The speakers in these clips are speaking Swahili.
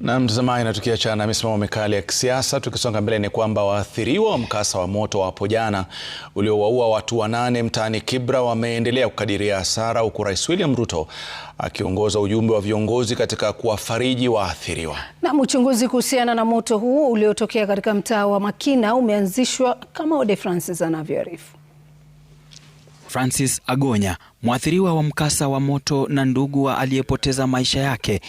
Na mtazamaji, na tukiachana na misimamo mikali ya kisiasa, tukisonga mbele ni kwamba waathiriwa wa mkasa wa moto wa hapo jana uliowaua watu wanane mtaani Kibra wameendelea kukadiria hasara, huku Rais William Ruto akiongoza ujumbe wa viongozi katika kuwafariji waathiriwa. Na uchunguzi kuhusiana na moto huu uliotokea katika mtaa wa Makina umeanzishwa kama Ode Francis anavyoarifu. Francis Agonya, mwathiriwa wa mkasa wa moto na ndugu wa aliyepoteza maisha yake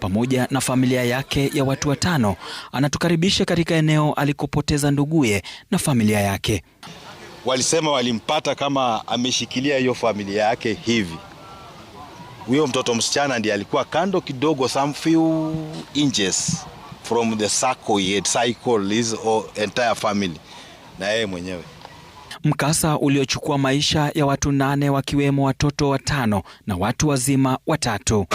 pamoja na familia yake ya watu watano, anatukaribisha katika eneo alikopoteza nduguye na familia yake. Walisema walimpata kama ameshikilia hiyo familia yake hivi. Huyo mtoto msichana ndiye alikuwa kando kidogo, some few inches from the circle, he had his entire family na yeye mwenyewe mkasa uliochukua maisha ya watu nane wakiwemo watoto watano na watu wazima watatu.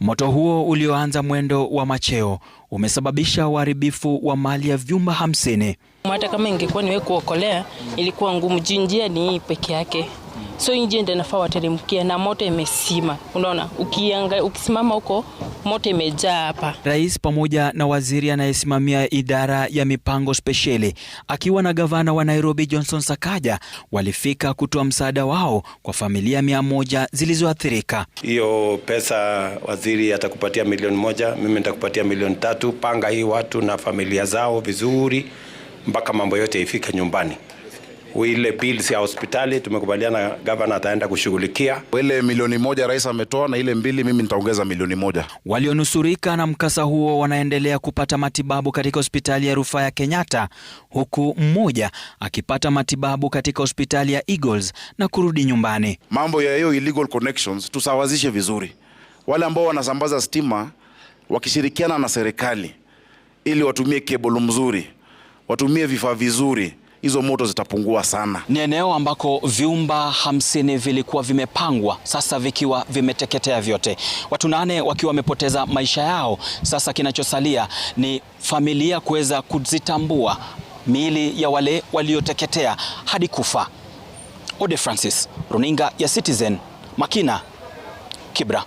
Moto huo ulioanza mwendo wa macheo umesababisha uharibifu wa mali ya vyumba hamsini. Hata kama ingekuwa niwe kuokolea ilikuwa ngumu, njia ni hii peke yake, so njia ndio nafaa wateremkia, na moto imesima. Unaona, ukianga ukisimama huko moto imejaa hapa. Rais pamoja na waziri anayesimamia idara ya mipango spesheli akiwa na gavana wa Nairobi Johnson Sakaja walifika kutoa msaada wao kwa familia mia moja zilizoathirika. Hiyo pesa waziri atakupatia milioni moja, mimi nitakupatia milioni tatu. Panga hii watu na familia zao vizuri mpaka mambo yote ifike nyumbani ile bills ya hospitali tumekubaliana, gavana ataenda kushughulikia ile milioni moja rais ametoa, na ile mbili mimi nitaongeza milioni moja. Walionusurika na mkasa huo wanaendelea kupata matibabu katika hospitali ya rufaa ya Kenyatta, huku mmoja akipata matibabu katika hospitali ya Eagles na kurudi nyumbani. Mambo ya hiyo illegal connections tusawazishe vizuri, wale ambao wanasambaza stima wakishirikiana na serikali ili watumie kebolo mzuri, watumie vifaa vizuri hizo moto zitapungua sana. Ni eneo ambako vyumba hamsini vilikuwa vimepangwa sasa vikiwa vimeteketea vyote, watu nane wakiwa wamepoteza maisha yao. Sasa kinachosalia ni familia kuweza kuzitambua miili ya wale walioteketea hadi kufa. Ode Francis, runinga ya Citizen, Makina, Kibra.